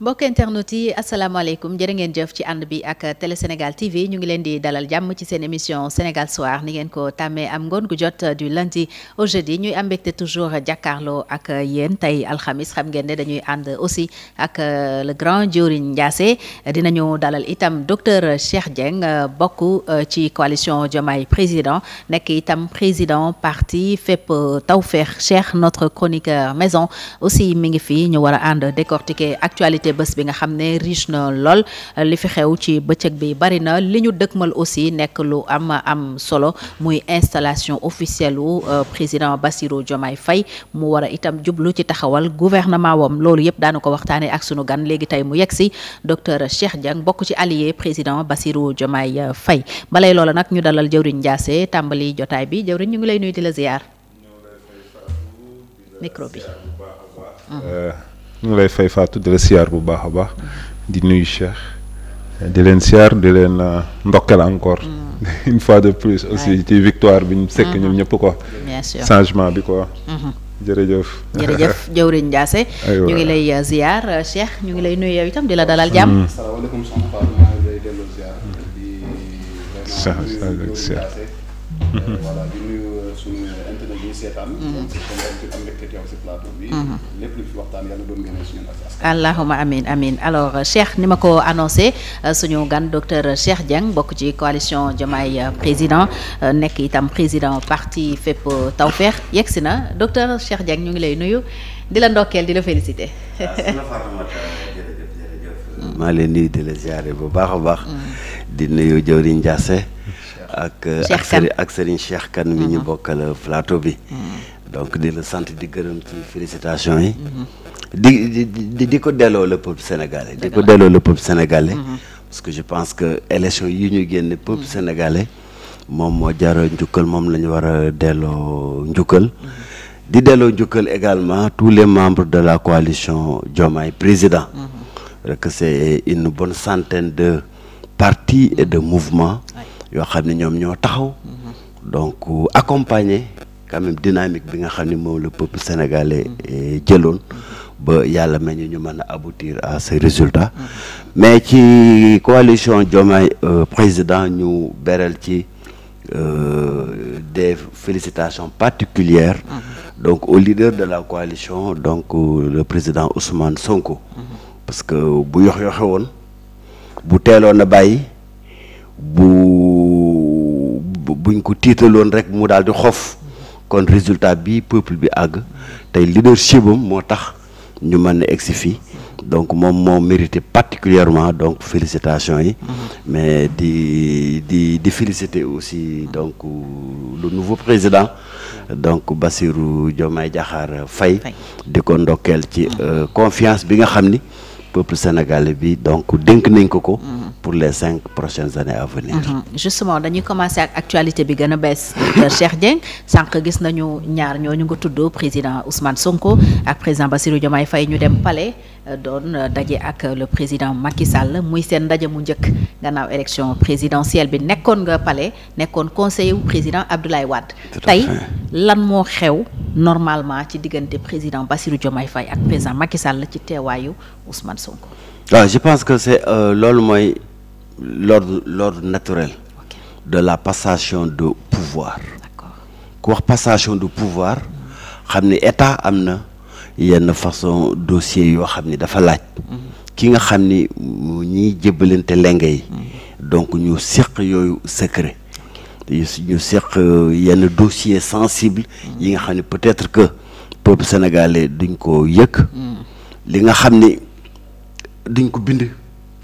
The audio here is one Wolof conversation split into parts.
mbokk internet yi asalaamaaleykum jërë ngeen jëf ci ànd bi ak télé Sénégal TV ñu ngi leen di dalal jàmm ci seen émission Sénégal Soir ni ngeen ko tàmmee am ngoon gu jot du lundi au jeudi ñuy am mbégte toujours jàkkaarloo ak yéen tey alxamis xam ngeen ne dañuy ànd aussi ak euh, le grand Diorine Ndiassé dinañu dalal itam docteur Cheikh Dieng euh, bokk euh, ci coalition Diomaye président nekk itam président parti fépp Tawfekh Cheikh notre chroniqueur maison aussi mi ngi fi ñu war a ànd décortiquer actualité fàtte bi nga xam ne riche na lool li fi xew ci bëccëg bi bari na li ñu dëkkmal aussi nekk lu am am solo muy installation officielle wu euh, président Bassirou Diomaye Faye mu war a itam jublu ci taxawal gouvernement wam loolu yëpp daanu ko waxtaanee ak sunu gan léegi tey mu yegg si docteur Cheikh Dieng bokk ci allié président Bassirou Diomaye Faye balay loola nag ñu dalal jëwriñ Ndiassé tàmbali jotaay bi jëwriñ ñu ngi lay nuy dila la ziar ñu lay fay Fatou di la siyaar bu baax a baax di nuyu Cheikh di leen siyaar di leen euh, ndokkeel encore mm. une fois de plus aussi ci victoire bi ñu sekk ñoom mm-hmm. ñëpp quoi changement bi ko mm-hmm. jërëjëf jërëjëf jëwriñ Ndiassé ñu ngi lay ziar euh, euh, Cheikh ñu ngi lay nuyu itam di la dalal jàmm mm. Euh, voilà di mhm. am mbégte mhm. allahuma amin amin alors euh, Cheikh ni ma ko annoncé euh, suñu gan docteur Cheikh Dieng bokk ci coalition Diomaye président nekk itam président parti fépp tawfeex yegg si na docteur Cheikh Dieng ñu ngi lay nuyu di la ndokkeel di la félicité. Ah, maa leen nuyu di la ziare bu baax a baax. Mm. di nuyu Jawriñ Ndiasse. ak ak Serigne Cheikh Kane mi ñu mm-hmm. bokkal plateau bi. Mm-hmm. donc di la sant di gërëm ci yi. Mm-hmm. di di ko delloo le peuple sénégalais. di ko delloo le peuple sénégalais. parce que je pense que élection yi ñu génne peuple sénégalais moom moo jaroo njukkal moom la ñu war a delloo njukkal. di delloo njukkal également tous les membres de la coalition Diomaye président. rek c'est une bonne centaine de partis et de mouvements. yoo xam ne ñoom ñoo taxaw donc accompagner quand même dynamique bi nga xam ni moom le peuple sénégalais eh, jëloon ba yàlla ma ñu ñu mën a aboutir à ces résultats mais ci coalition Diomaye euh, président ñu beral ci euh, des félicitations particulières donc au leader de la coalition donc euh, le président Ousmane Sonko parce que bu yox yoxe bu teeloon a bàyyi buñ ko tiitaloon rek mu daal di xof kon résultat bi peuple bi àgg tey leadership am moo tax ñu mën na egsi fii donc moom moo mérité particulièrement donc félicitations yi mais di di di féliciter aussi donc euh, le nouveau président donc Bassirou Diomaye Diakhar Faye di ko ndokkeel ci euh, confiance bi nga xam ni peuple sénégalais bi donc dénk nañ ko ko. Mhm. pour les cinq prochaines années à mhm. justement dañuy commencer ak actualité bi gën a bees. docteur Cheikh Dieng gis nañu ñaar ñoo ñu nga tudd président Ousmane Sonko ak président Bassirou Diomaye fay ñu dem pale euh, doon euh, daje ak euh, le président Macky Sall muy seen ndaje mu njëkk gannaaw élection présidentielle bi nekkoon nga pale nekkoon conseiller wu président Abdoulaye Wade. tey lan moo xew. normalement ci diggante président Bassirou Diomaye fay ak président Macky la ci teewaayu Ousmane Sonko. waaw ah, je pense que c'est euh, loolu mooy l'ordre l'ordre naturel. de la passation de pouvoir. d'accord ku wax passation de pouvoir xam ni état am na yenn façon dossier yoo xam ni dafa laaj. Mhm. ki nga xam ni ñiy jébbalante lenge yi. Mhm. donc ñu seq yooyu secret. ñu seq euh, yenn dossier sensible yi nga xam ne peut-être que peuple sénégalais duñ ko yëg mm. li nga xam ne duñ ko bind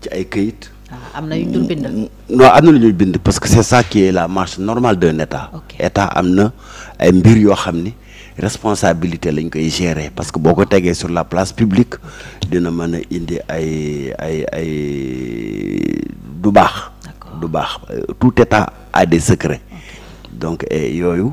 ci ay këyit ah, am na yu dul bind mm, mm, am na lu ñuy bind parce que c'est ça qui est la marche normale de état état am na ay mbir yoo xam ni responsabilité lañ koy gérer parce que boo ko tegee sur la place publique dina mën a indi ay ay ay du baax du baax euh, tout état a des secrets donc yooyu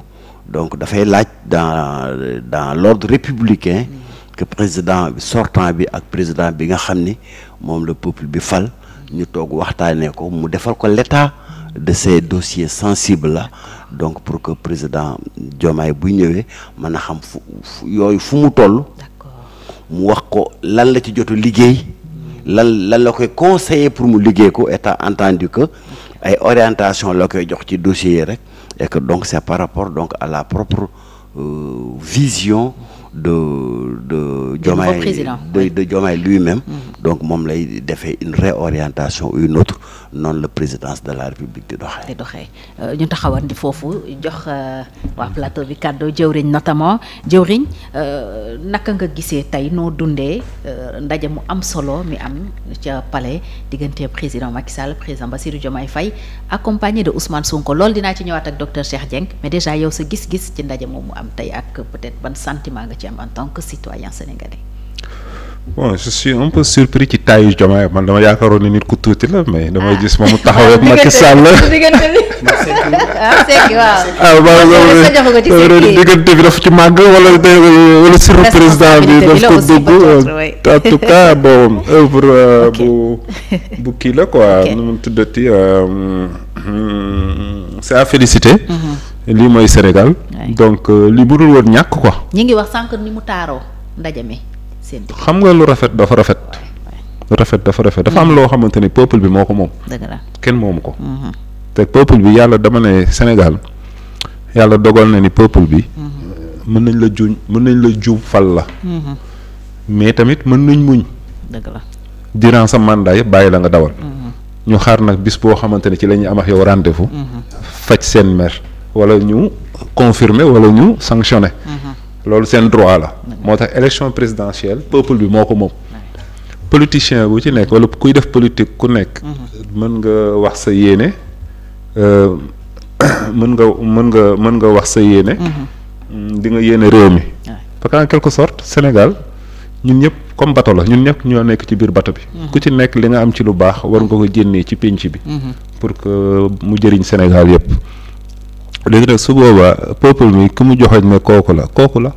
donc dafay laaj dans dans l'ordre républicain mm. que président sortant bi ak président bi nga xam ni moom le peuple bi fal ñu toog waxtaanee ko mu defal ko l'état de ces dossiers sensibles la donc pour que président Diomaye buy ñëwee mën a xam fu yooyu fu mu toll mu wax ko lan la ci jotu liggéey lan lan la koy conseiller pour mu liggéey ko étant entendu que ay orientation la koy jox ci dossiers yi rek et que donc c'est par rapport donc à la propre euh, vision de de Diomaye de oui. de Diomaye lui-même. Mm-hmm. donc moom lay defee une réorientation une autre noonu la présidence de la République di doxee. di doxee euh, ñu taxawan di foofu jox euh, waa plateau bi kàddu jëwriñ notamment jëwriñ euh, naka nga gisee tey noo dundee ndaje mu am solo mi am ca palais diggante président Macky Sall président Bassirou Diomaye Faye accompagné de Ousmane Sonko loolu dinaa ci ñëwaat ak docteur Cheikh Dieng mais déjà yow sa gis-gis ci ndaje moomu am tey ak peut-être ban sentiment nga ci am en tant que citoyen sénégalais. bon je suis un peu surpris ci taayu Diomaye man dama yaakaaroon nit ku tuuti la mais damay ah. gis moom mu taxawee ak Macky Sall ah, ah diggante bi dafa ci màgg wala wala sur président bi daf ko dugg en tout euh, bu kii la quoi nu mu tuddati euh, hmm, c'est féliciter mm-hmm. lii mooy Sénégal donc euh, li bu dul woon ñàkk quoi. ñi ngi wax sànq ni mu taaroo ndaje mi xam nga lu rafet dafa rafet. lu rafet dafa rafet dafa am mm-hmm. loo xamante ni peuple bi moo ko moom. dëgg la kenn moomu ko. Mm-hmm. te peuple bi yàlla dama ne Sénégal yàlla dogal na ni peuple bi. Mm-hmm. mën nañ la juñ mën nañ la juub fal la. mais tamit mën nañ muñ. dëgg la durant sa mandat yëpp bàyyi la nga dawal. ñu xaar nag bis boo xamante ne ci la ñuy am ak yow rendez-vous. faj seen mer wala ñu. confirmer wala ñu sanctionner. Mhm. loolu seen droit la. moo tax élection présidentielle peuple bi moo ko moom. politicien bu ci nekk wala kuy def politique ku nekk. Mhm. mën nga wax sa yéene euh, mën nga mën nga mën nga wax sa yéene. Mhm. Mm, di nga yéene réew mi. parce que en quelque sorte Sénégal ñun ñëpp comme bato la ñun ñëpp ñoo nekk ci biir bato bi. ku ci nekk li nga am ci lu baax war nga ko jénnee ci pénc bi. pour que mu jëriñ Sénégal yëpp. léegi nag su boobaa peuple bi ku mu joxoñ ne kooku la kooku la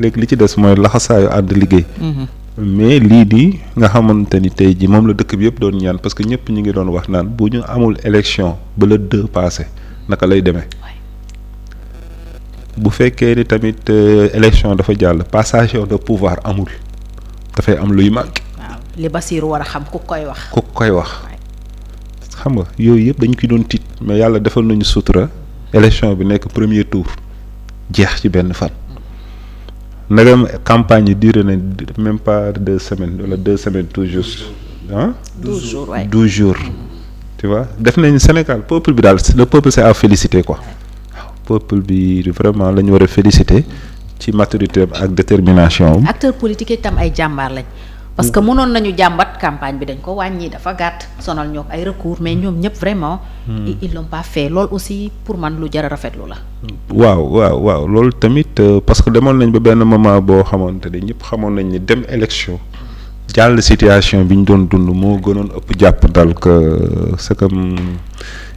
léegi li ci des mooy laxasaayu ànd liggéey. Mm-hmm. mais lii di nga xamante ni tey jii moom la dëkk bi yëpp doon ñaan parce que ñëpp ñu ngi doon wax naan bu ñu amul élection ba le deux passé naka lay demee. bu fekkee ni tamit euh, élection dafa jàll passation de pouvoir amul dafay am luy manqué. waaw li Bassirou war xam ku koy wax. ku koy wax xam nga yooyu yëpp dañu koy doon tiit mais yàlla defal nañu sutura. élection bi nekk premier tour jeex ci benn fan. nagam campagne yi duré na même pas deux semaines wala deux semaines tout ah. douze jours waay douze def nañu Sénégal peuple bi daal le peuple c'est à féliciter ko waaw peuple bi vraiment la ñu war a féliciter ci maturité ak détermination am. acteurs parce que mënoon mhm. nañu jàmbat campagne bi dañ ko wàññi dafa gàtt sonal ñoo ay recours mais ñoom ñëpp vraiment. Hmm. ils l'ont pas fait loolu aussi pour man lu jar a rafetlu la. waaw waaw waaw loolu tamit euh, parce que demoon nañ ba benn moment boo xamante ne ñëpp xamoon nañ ni dem élection. jàll situation bi ñu doon dund moo gënoon ëpp jàpp dal ko sa comme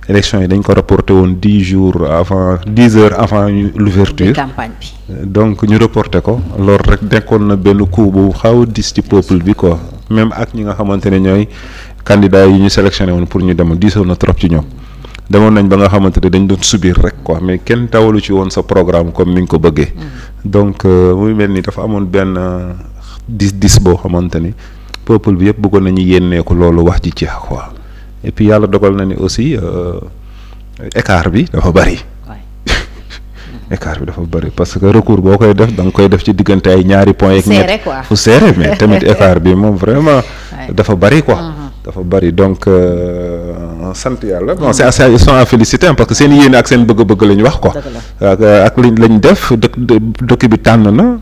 élection yi dañ ko reporté woon dix jours avant dix heures avant l'ouverture campagne bi donc ñu reporté ko loolu rek nekkoon na benn coup bu xaw dis ci peuple bi quoi même ak ñi nga xamante ne ñooy candidats yi ñu sélectionné woon pour ñu dem diisoon na trop ci ñoom demoon nañ ba nga xamante ne dañ doon subir rek ko mais kenn tawalu ci woon sa programme comme ni nga ko bëggee mm. donc euh, muy mel ni dafa amoon benn dis euh, dis boo xamante ni peuple bi yëpp bëggoon nañu yénneeku loolu wax ji ci quoi et yàlla dogal na ni aussi euh, écart bi dafa bëri. écart bi dafa bëri parce que recours boo koy def da koy def ci diggante ay ñaari point yeeg ñett fu mais tamit écart bi moom vraiment dafa bari ko mm-hmm. dafa bari donc euh, sant yàlla bon c'est assez ils sont à parce que seen yéene ak seen bëgg-bëgg la ñu wax quoi ak lañ lañ def dëkk dëkk bi tànn na